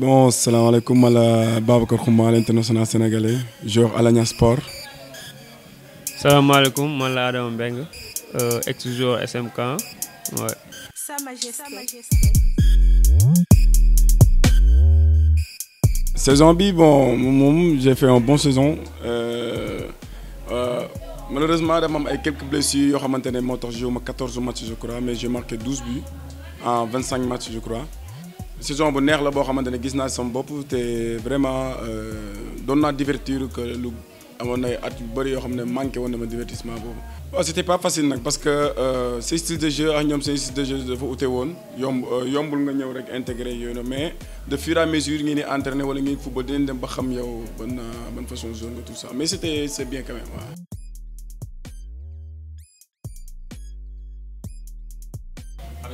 Bon, salam alaikum à Babacar Kouma, l'international sénégalais, joueur Alanya Sport. Salam alaikum, je suis Adam Mbeng, euh, ex-joueur SMK. Ouais. Sa Majesté. Sa majesté. Saison B, bon, j'ai fait une bonne saison. Euh, euh, malheureusement, j'ai quelques blessures. Je suis 14 matchs, je crois, mais j'ai marqué 12 buts en 25 matchs, je crois saison bu neex la boo xamante ne gis naa sama bopp te vraiment euh, doon naa divertir que lu amoon ay at yu bëri yoo xam ne manqué woon na ma divertissement boobu. waaw c'était pas facile nag parce que euh, seen style de jeu ak ñoom seen style de jeu dafa ute woon yomb euh, yombul nga ñëw rek intégré yooyu na mais de fur et à mesure ngeen di entraîné wala ngeen football dinañ dem ba xam yow ban ban façon zone nga tout ça mais c'était c'est bien quand même waaw.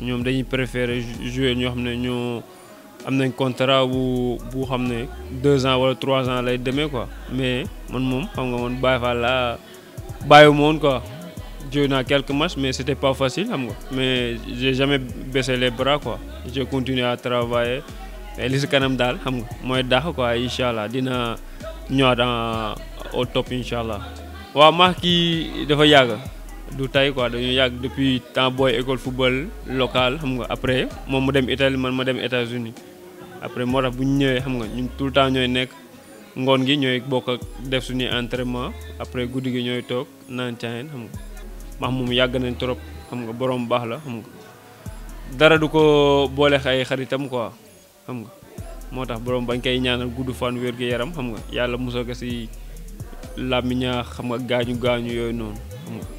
ñoom dañuy préférer jouer ñoo xam ne ñoo am nañ contrat bu bu xam ne deux ans wala trois ans lay demee quoi mais man moom xam nga man Baye Fall laa bàyyi moon quoi joué naa quelques matchs mais c'était pas facile xam nga mais j'ai jamais baissé les bras quoi j'ai continué à travailler et li si kanam daal xam nga mooy daax quoi incha allah dina ñëwaat au top incha allah waaw maax kii dafa yàgg. du tay quoi dañoo yàgg depuis temps booy école football local xam nga après moom mu dem Italie man ma dem États-Unis après moo tax bu ñu ñëwee xam nga ñun tout le temps ñooy nekk ngoon gi ñooy bokk ak def suñuy entraînement après guddi gi ñooy toog naan caayen xam nga max moom yàgg nañ trop xam nga borom baax la xam nga dara du ko boole ay xaritam quoi xam nga moo tax borom bañ koy ñaanal gudd fan wér gu yaram xam nga yàlla musal ko si làmmiñaax xam nga gaañu gaañu yooyu noonu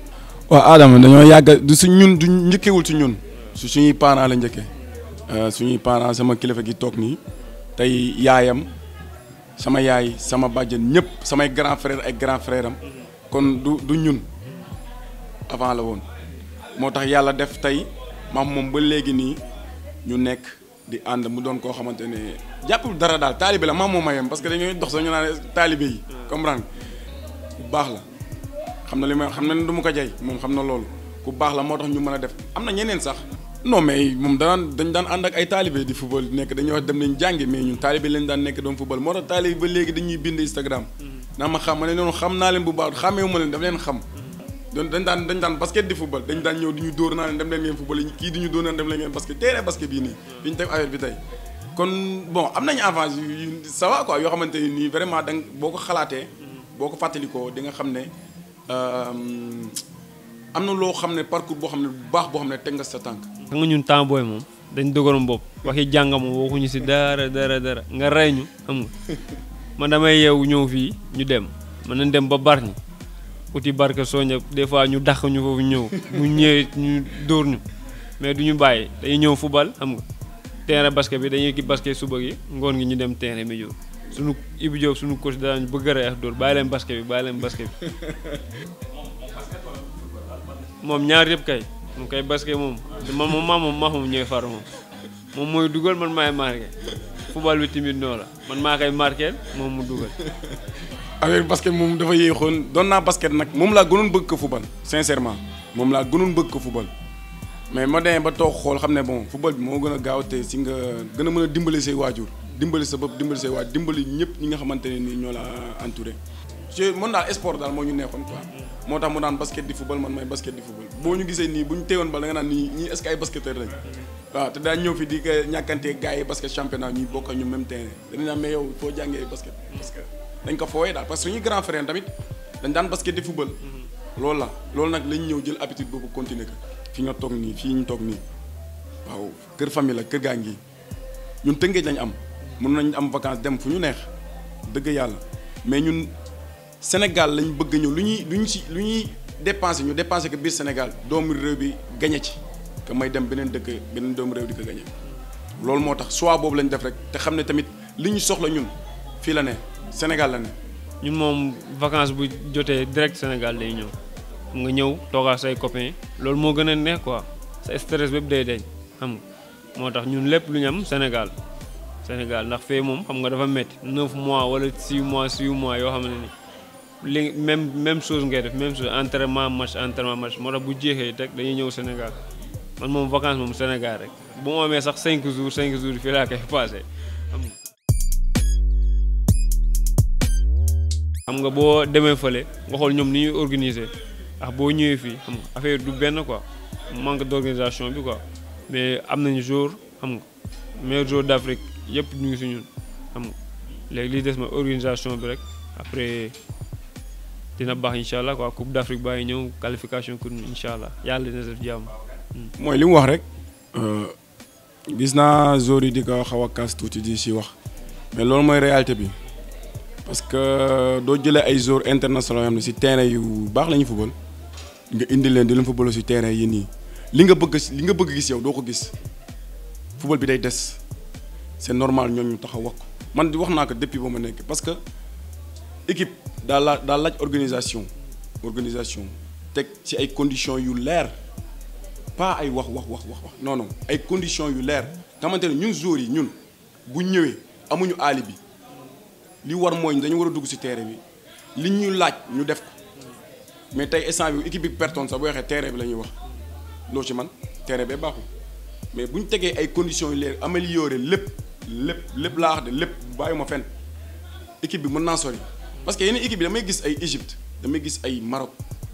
waaw Adama dañoo yàgg du si ñun du njëkkewul si ñun su suñuy parent la njëkkee euh, suñuy parent sama kilifa gi toog nii tey yaayam sama yaay sama bàjjen ñëpp samay grand frère ay grand frère am kon du du ñun avant la woon moo tax yàlla def tey maam moom ba léegi nii ñu nekk di ànd mu doon koo xamante ne jàppul dara daal taalibe la maam moom mayam parce que dañuy dox sa ñu naan taalibe yi comprendre bu baax la xam na li xam na ne du ma ko jay moom xam na loolu ku baax la moo tax ñu mën a def am na ñeneen sax non mais moom daan dañ daan ànd ak ay taalibe di football nekk dañuy nañ jàngi mais ñun taalibe lañ daan nekk doon football moo tax taalibe ba léegi dañuy bind Instagram mm-hmm. naa ma xam ma ne noonu xam naa leen bu baax xàmmeewu ma leen daf leen xam mm-hmm. don dem leen football kii di ñu dóor naa dem leen basket teeree basket bii nii bi mm-hmm. ñu teg affaire bi tey kon bon am nañu avance yu ça va yoo xamante ni vraiment danga boo ko xalaatee boo ko fàttalikoo di nga xam ne Euh, am na loo xam ne parcours boo xam ne bu baax boo xam ne teg nga sa tànk. xam nga ñun temps booy moom dañ dëgëroon bopp waxi jàngam waxuñu si dara dara dara nga rey ñu xam nga man damay yeewu ñëw fii ñu dem man nañ dem ba Bargny uti barke Sonia des fois ñu dàq ñu foofu ñëw bu ñëwee ñu dóor ñu mais du ñu bàyyi dañuy ñëw football xam nga terrain basket bi dañuy ki basket suba gi ngoon gi ñu dem terrain bi sunu Ibou Diop sunu coach daañu bëgg a reex dóor bàyyi leen basket bi bàyyi leen basket bi moom ñaar yëpp kay moom kay basket moom man mooy dugal man maay marqué football bi man maa koy marqué moom mu dugal. affaire basket moom dafa yéexoon doon naa basket nag moom laa gënoon bëgg ko football sincèrement moom laa gënoon bëgg ko football mais ma demee ba toog xool xam ne bon football bi moo gën a gaaw te si nga gën a mën a dimbale say waajur. dimbali sa bopp dimbali say waa dimbali ñëpp ñi nga xamante ne nii ñoo la entouré. je mën daal sport daal moo ñu nekkoon quoi moo tax mu naan basket di football man may basket di football boo ñu gisee nii bu ñu teewoon bal da nga naan nii ñii est-ce que ay basketteurs lañ waaw te daa ñëw fi di ko ñàkkantee gars yi basket championnat ñu même terrain dañu naan mais yow foo jàngee basket parce que dañ ko fooyee daal parce que daan basket di football loolu la loolu nag lañ ñëw jël habitude boobu continuer ko fi nga toog nii fii ñu mun nañ am vacances dem fu ñu neex dëgg yàlla mais ñun Sénégal lañ bëgg ñëw lu ñuy lu ñu si lu ñuy dépensé ñu dépensé ko biir Sénégal doomu réew bi gañe ci que may dem beneen dëgg beneen doomu réew di ko gañe loolu moo tax choix boobu lañ def rek te xam ne tamit li ñu soxla ñun fii la ne Sénégal la ne. ñun moom vacances bu jotee direct Sénégal day ñëw nga ñëw toogaa say copains loolu moo gën a neex quoi sa stress bépp day deñ xam nga moo tax ñun lépp lu ñu am Sénégal. Sénégal ndax fee moom xam nga dafa métti neuf mois wala six mois six mois yoo xam ne ni li même même chose ngay def même chose entraînement match entraînement match moo tax bu jeexee rek dañuy ñëw Sénégal man moom vacances moom Sénégal rek bu mu amee sax cinq jours cinq jours fii laa koy passé xam nga. xam nga boo demee fële nga xool ñoom ni ñuy organiser ndax boo ñëwee fii xam nga affaire du benn quoi manque d' organisation bi quoi mais am nañu jour xam nga meilleur jour d' Afrique. yëpp ñu ngi suñu xam léegi li des ma organisation bi rek après dina baax incha allah quoi coupe d' afrique baa ñëw qualification pour ñu incha allah yàlla dina def jàmm. Hmm. mooy li mu wax rek euh, gis naa zone yi di ko xaw a kaas tuuti di si wax mais loolu mooy réalité bi parce que euh, doo jëlee ay joueurs internationaux yoo ne si terrain yu baax la ñu football nga indi leen di leen football si terrain yi nii li nga bëgg li nga bëgg gis yow doo ko gis football bi day des. c'est normal ñoom ñu taxaw wax ko man di wax naa ko depuis ba ma nekk parce que équipe dans la dans laaj organisation organisation teg ci ay conditions yu leer pas ay wax wax wax wax non non ay conditions yu leer xamante ne ñun joueurs yi ñun bu ñëwee amuñu alibi li war mooy dañu war a dugg ci terrain bi li ñu laaj ñu def ko mais tey instant bi équipe bi pertoon sax boo waxee terrain bi la ñuy wax loo ci man terrain bee baaxul mais bu ñu tegee ay conditions yu leer amélioré lépp. lépp lépp laa wax de lépp ma fen équipe bi mën naa sori parce que yeneen équipe yi damay gis ay Égypte damay gis ay Maroc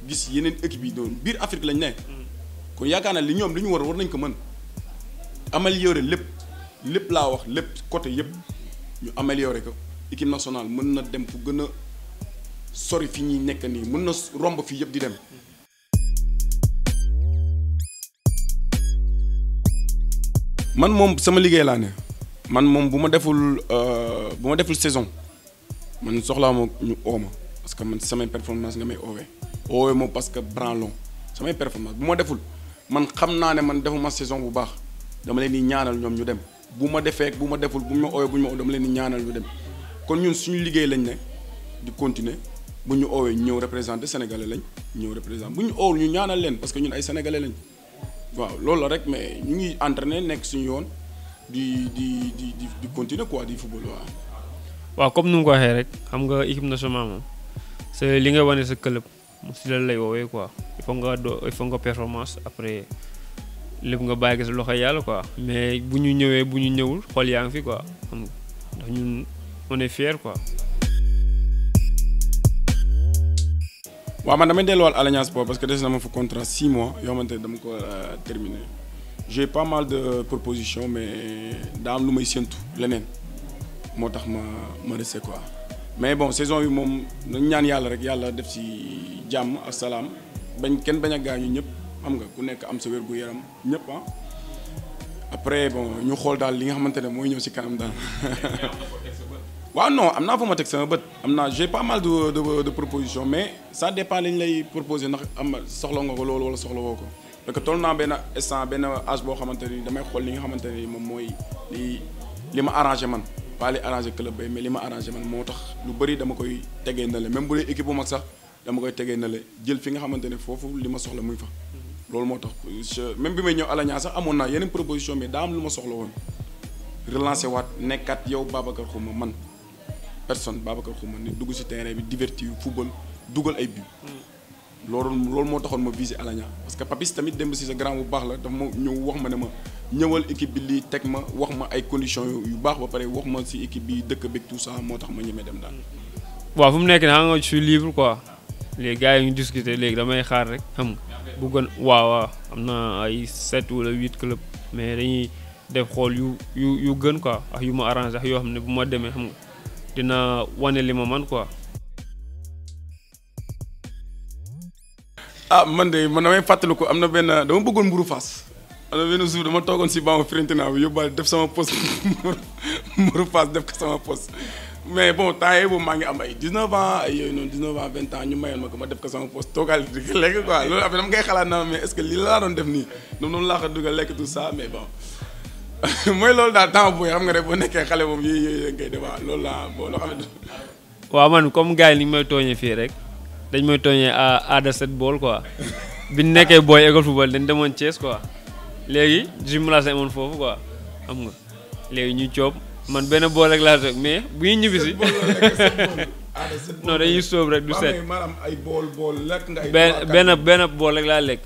gis yeneen équipe yi doon biir Afrique lañ nekk. kon yaakaar naa li ñoom li ñu war war nañ ko mën améliorer lépp lépp laa wax lépp côté yëpp ñu améliorer ko équipe nationale mën na dem fu gën a sori fi ñuy nekk nii mën na romb fii yëpp di dem. man moom sama liggéey laa ne. man moom bu ma deful euh, bu ma deful saison man soxlaa ma ñu oo ma parce que man samay performance nga may oowee oowee moom parce que branlon samay performance bu ma deful man xam naa ne man defuma saison bu baax dama leen di ñaanal ñoom ñu dem bu ma defee bu ma deful bu ñu ma oowee bu ñu ma dama leen di ñaanal ñu dem kon ñun suñu liggéey lañ ne di continuer bu ñu oowee ñëw représenté sénégalais lañ ñëw représenté bu ñu oowul ñu ñaanal leen parce que ñun ay sénégalais lañ waaw loolu la rek mais ñu ngi entraîné nekk suñu yoon. di di di di continuer quoi di football waaw. waaw comme nu ko waxee rek xam nga équipe nationale moom c' est li nga wane sa club mu si la lay woowee quoi il faut nga do il faut nga performance après lépp nga bàyyi ko loxo yàlla quoi mais bu ñu ñëwee bu ñu ñëwul xool yaa ngi fi quoi xam nga ndax ñun on est fier quoi. waaw man damay delluwaat Alliance Sport parce que des na ma fa contrat 6 mois yoo xamante ne dama ko euh, terminé. j'ai pas mal de propositions mais daa am lu may séntu leneen moo tax ma ma resté quoi mais bon saison bi moom nañ ñaan yàlla rek yàlla def ci jàmm ak salaam bañ kenn bañ a gaañu ñëpp xam nga ku nekk am sa wér gu yaram ñëpp ah. après bon ñu xool daal li nga xamante ne mooy ci kanam daal. waaw non am naa fa ma but. sama j'ai pas mal de de de propositions mais ça dépend li ñu lay proposer ndax am soxla nga ko loolu wala soxla woo ko. parce que toll naa benn instant benn âge boo xamante ni damay xol li nga xamante ni moom mooy li ma arrangé man pas li arrangé club bay mais li ma arrangé man moo tax lu bëri dama koy tegee na le même bu dee équipe bu mag sax dama koy tegee na jël fi nga xamante ne foofu li ma soxla muy fa loolu moo tax même bi may ñëw Alagna sax amoon naa yeneen proposition mais daa am lu ma soxla woon relancer waat nekkaat yow Babacar Xuma man personne Babacar Xuma ne dugg si terrain bi divertir football dugal ay but mm. loolu loolu moo taxoon ma visé Alagna parce que Papis tamit démb si sa grand bu baax la dafa ma ñëw wax ma ne ma ñëwal équipe bi lii teg ma wax ma ay conditions yu baax ba pare wax ma si équipe bi dëkk beeg tout ça moo tax ma ñemee dem daal. waaw fu mu nekk naa nga je suis libre quoi léegi gars yi ñu discuter léegi damay xaar rek xam nga bëggoon waa waaw am na ay sept wala huit club mais dañuy def xool yu yu yu gën quoi ak yu ma arrangé ak yoo xam ne bu ma demee xam dina wane li ma man quoi. ah man de man damay ko am na benn dama bëggoon mburu faas am na benn jour dama toogoon si banque Fiorentina bi yóbbaale def sama poste def sama poste mais bon temps yii maa ngi am ay 19 ans ay yooyu noonu 19 ans mayoon ma ko ma def ko sama poste toogaal di ko lekk quoi loolu après dama xalaat naa mais est ce lii laa doon def nii noonu noonu laa ko dugal lekk tout ça mais bon mooy loolu daal temps bu xam nga rek boo nekkee xale moom yooyu yooyu dañ koy loolu laa boo loo xam ne. waaw man comme gars yi ni ñu may fii rek. dañ mooy tooñee aada set bool quoi bi ñu nekkee booy école football dañ demoon Thiès quoi léegi jumelage amoon foofu quoi am nga léegi ñu coob man benn bool rek laa toog mais bu ñibbisi non dañuy sóob rek du set benn benn bool rek laa lekk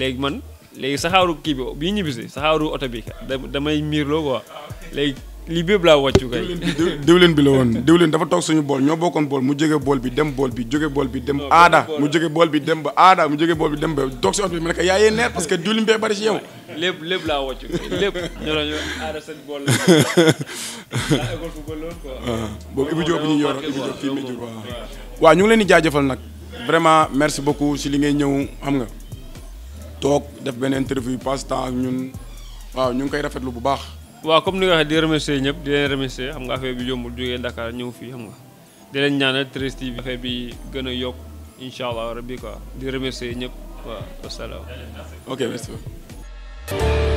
léegi man léegi saxaaru kii bi bu ñuy ñibbisi saxaaru oto bi damay miirloo quoi léegi lii bépp laa wàccu kay. diwlin bi la woon diwlin dafa toog suñu bool ñoo bokkoon bool mu jóge bool bi dem bool bi jóge bool bi dem. aada mu jóge bool bi dem ba aada mu jóge bool bi dem ba toog si ot bi ma ne ko yaa yee neer parce que diwlin bee bari si yow. lépp lépp laa wàccu lépp. ñu ne ñu aada seen bool la. laa école football loolu quoi. Ah, boobu Ibou Diop ñu yoroon Ibou Diop fii mu jur waaw ñu ngi leen di jaajëfal nag. vraiment merci beaucoup si li ngay ñëw xam nga. toog def benn interview passe temps ak ñun waaw ñu ngi koy rafetlu bu baax waaw comme ni nga waxee di remercier ñëpp di leen remercier xam nga affaire bi yombul jógee Dakar ñëw fii xam nga di leen ñaanal 13TV bi bi gën a yokk incha allah rabbi quoi di remercier ñëpp waaw wasalaam. ok merci beaucoup.